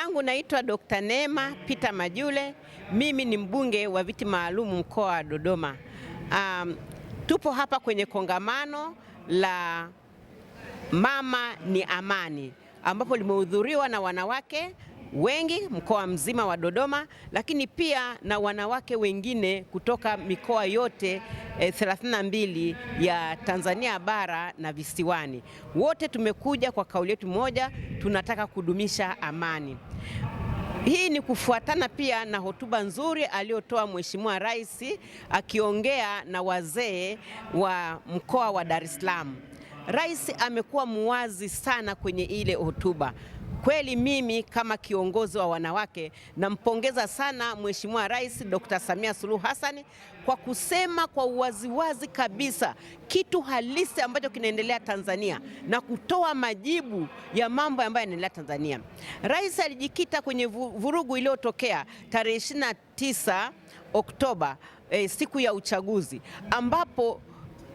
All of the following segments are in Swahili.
yangu naitwa Dr. Neema Peter Majule. Mimi ni mbunge wa viti maalum mkoa wa Dodoma. Um, tupo hapa kwenye kongamano la Mama ni Amani ambapo limehudhuriwa na wanawake wengi mkoa mzima wa Dodoma, lakini pia na wanawake wengine kutoka mikoa yote e, eh, 32 ya Tanzania bara na visiwani. Wote tumekuja kwa kauli yetu moja, tunataka kudumisha amani. Hii ni kufuatana pia na hotuba nzuri aliyotoa Mheshimiwa Rais akiongea na wazee wa mkoa wa Dar es Salaam. Rais amekuwa muwazi sana kwenye ile hotuba. Kweli mimi kama kiongozi wa wanawake nampongeza sana Mheshimiwa Rais Dr. Samia Suluhu Hassan kwa kusema kwa uwaziwazi kabisa kitu halisi ambacho kinaendelea Tanzania na kutoa majibu ya mambo ambayo yanaendelea Tanzania. Rais alijikita kwenye vurugu iliyotokea tarehe 29 Oktoba e, siku ya uchaguzi ambapo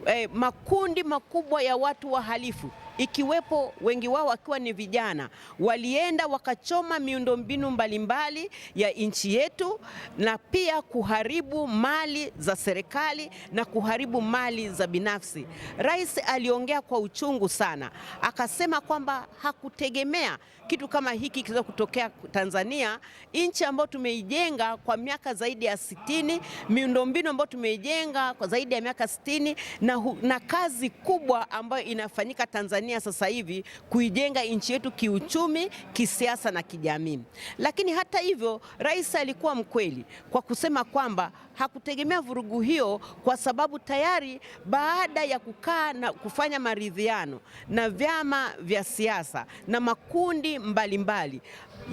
e, makundi makubwa ya watu wahalifu ikiwepo wengi wao wakiwa ni vijana, walienda wakachoma miundombinu mbalimbali ya nchi yetu na pia kuharibu mali za serikali na kuharibu mali za binafsi. Rais aliongea kwa uchungu sana, akasema kwamba hakutegemea kitu kama hiki kiweza kutokea Tanzania, nchi ambayo tumeijenga kwa miaka zaidi ya sitini, miundombinu ambayo tumeijenga kwa zaidi ya miaka sitini na, na kazi kubwa ambayo inafanyika Tanzania Tanzania sasa hivi kuijenga nchi yetu kiuchumi, kisiasa na kijamii. Lakini hata hivyo, rais alikuwa mkweli kwa kusema kwamba hakutegemea vurugu hiyo, kwa sababu tayari baada ya kukaa na kufanya maridhiano na vyama vya siasa na makundi mbalimbali mbali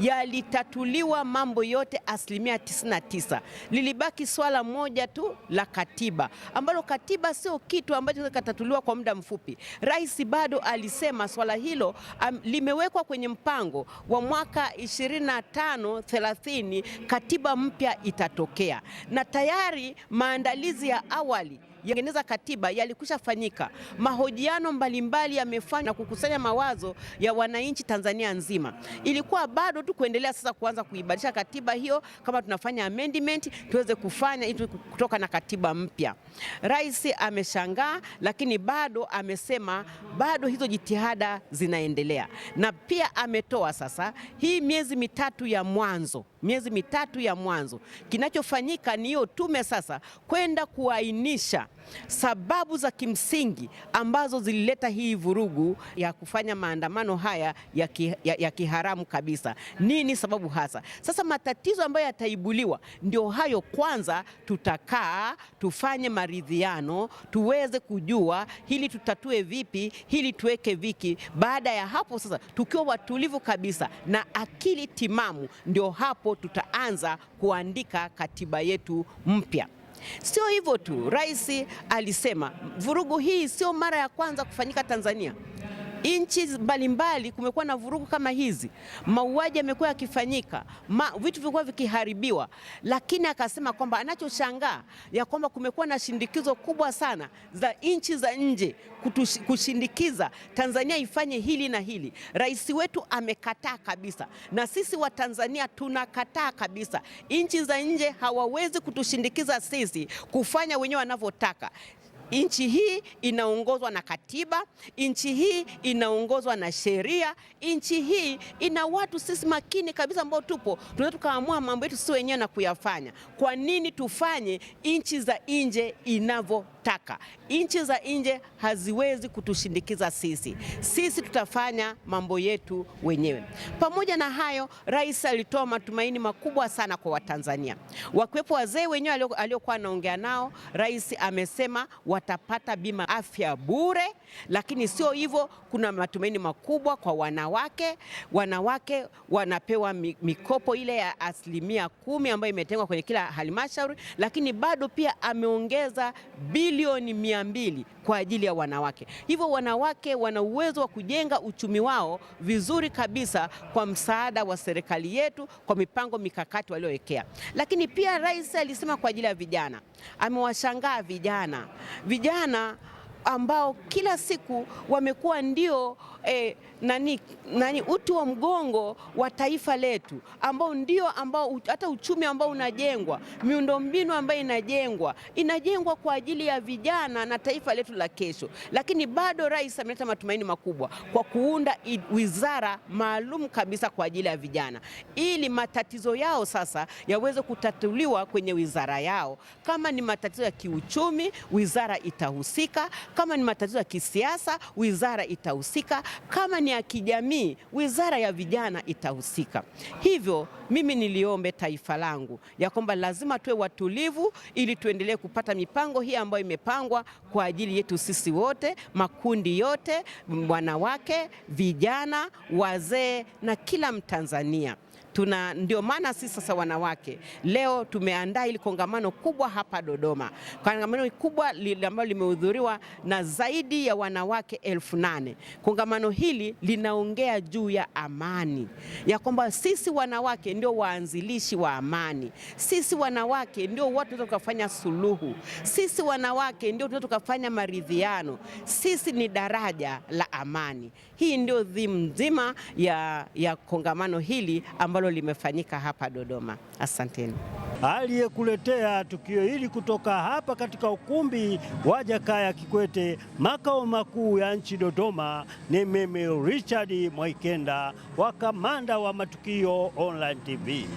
yalitatuliwa mambo yote asilimia 99. Lilibaki swala moja tu la katiba, ambalo katiba sio kitu ambacho katatuliwa kwa muda mfupi. Rais bado alisema swala hilo um, limewekwa kwenye mpango wa mwaka 25 30, katiba mpya itatokea na tayari maandalizi ya awali yatengeneza katiba yalikusha fanyika, mahojiano mbalimbali yamefanywa na kukusanya mawazo ya wananchi Tanzania nzima. Ilikuwa bado tu kuendelea sasa kuanza kuibadilisha katiba hiyo, kama tunafanya amendment tuweze kufanya ili kutoka na katiba mpya. Rais ameshangaa, lakini bado amesema bado hizo jitihada zinaendelea, na pia ametoa sasa hii miezi mitatu ya mwanzo miezi mitatu ya mwanzo, kinachofanyika ni hiyo tume sasa kwenda kuainisha Sababu za kimsingi ambazo zilileta hii vurugu ya kufanya maandamano haya ya, ki, ya, ya kiharamu kabisa, nini sababu hasa? Sasa matatizo ambayo yataibuliwa ndio hayo. Kwanza tutakaa tufanye maridhiano, tuweze kujua hili tutatue vipi, hili tuweke viki. Baada ya hapo sasa, tukiwa watulivu kabisa na akili timamu, ndio hapo tutaanza kuandika katiba yetu mpya. Sio hivyo tu, rais alisema vurugu hii sio mara ya kwanza kufanyika Tanzania nchi mbalimbali kumekuwa na vurugu kama hizi, mauaji yamekuwa yakifanyika, vitu vilikuwa vikiharibiwa, lakini akasema kwamba anachoshangaa ya kwamba kumekuwa na shindikizo kubwa sana za nchi za nje kutush, kushindikiza Tanzania ifanye hili na hili. Rais wetu amekataa kabisa, na sisi wa Tanzania tunakataa kabisa. Nchi za nje hawawezi kutushindikiza sisi kufanya wenyewe wanavyotaka. Nchi hii inaongozwa na katiba, nchi hii inaongozwa na sheria, nchi hii ina watu sisi makini kabisa ambao tupo tunaweza tukaamua mambo yetu sisi wenyewe na kuyafanya. Kwa nini tufanye nchi za nje inavyotaka? Nchi za nje haziwezi kutushindikiza sisi, sisi tutafanya mambo yetu wenyewe. Pamoja na hayo, rais alitoa matumaini makubwa sana kwa Watanzania, wakiwepo wazee wenyewe aliokuwa anaongea nao. Rais amesema wa watapata bima afya bure. Lakini sio hivyo, kuna matumaini makubwa kwa wanawake. Wanawake wanapewa mikopo ile ya asilimia kumi ambayo imetengwa kwenye kila halmashauri, lakini bado pia ameongeza bilioni mia mbili kwa ajili ya wanawake. Hivyo wanawake wana uwezo wa kujenga uchumi wao vizuri kabisa kwa msaada wa serikali yetu, kwa mipango mikakati waliowekea. Lakini pia rais alisema kwa ajili ya vijana, amewashangaa vijana vijana ambao kila siku wamekuwa ndio e, nani, nani uti wa mgongo wa taifa letu ambao ndio ambao hata uchumi ambao unajengwa, miundombinu ambayo inajengwa inajengwa kwa ajili ya vijana na taifa letu la kesho. Lakini bado rais ameleta matumaini makubwa kwa kuunda wizara maalum kabisa kwa ajili ya vijana ili matatizo yao sasa yaweze kutatuliwa kwenye wizara yao. Kama ni matatizo ya kiuchumi, wizara itahusika. Kama ni matatizo ya kisiasa, wizara itahusika. Kama ni ya kijamii, wizara ya vijana itahusika. Hivyo mimi niliombe taifa langu ya kwamba lazima tuwe watulivu, ili tuendelee kupata mipango hii ambayo imepangwa kwa ajili yetu sisi wote, makundi yote, wanawake, vijana, wazee na kila Mtanzania tuna ndio maana sisi sasa wanawake leo tumeandaa ili kongamano kubwa hapa Dodoma, kongamano kubwa ambalo limehudhuriwa na zaidi ya wanawake elfu nane. Kongamano hili linaongea juu ya amani, ya kwamba sisi wanawake ndio waanzilishi wa amani, sisi wanawake ndio watu tunaweza tukafanya suluhu, sisi wanawake ndio tunaweza tukafanya maridhiano, sisi ni daraja la amani. Hii ndio dhimu nzima ya, ya kongamano hili ambalo ambalo limefanyika hapa Dodoma. Asanteni. Aliyekuletea tukio hili kutoka hapa katika ukumbi wa Jakaya Kikwete, makao makuu ya nchi Dodoma, ni mimi Richard Mwaikenda wa Kamanda wa Matukio Online TV.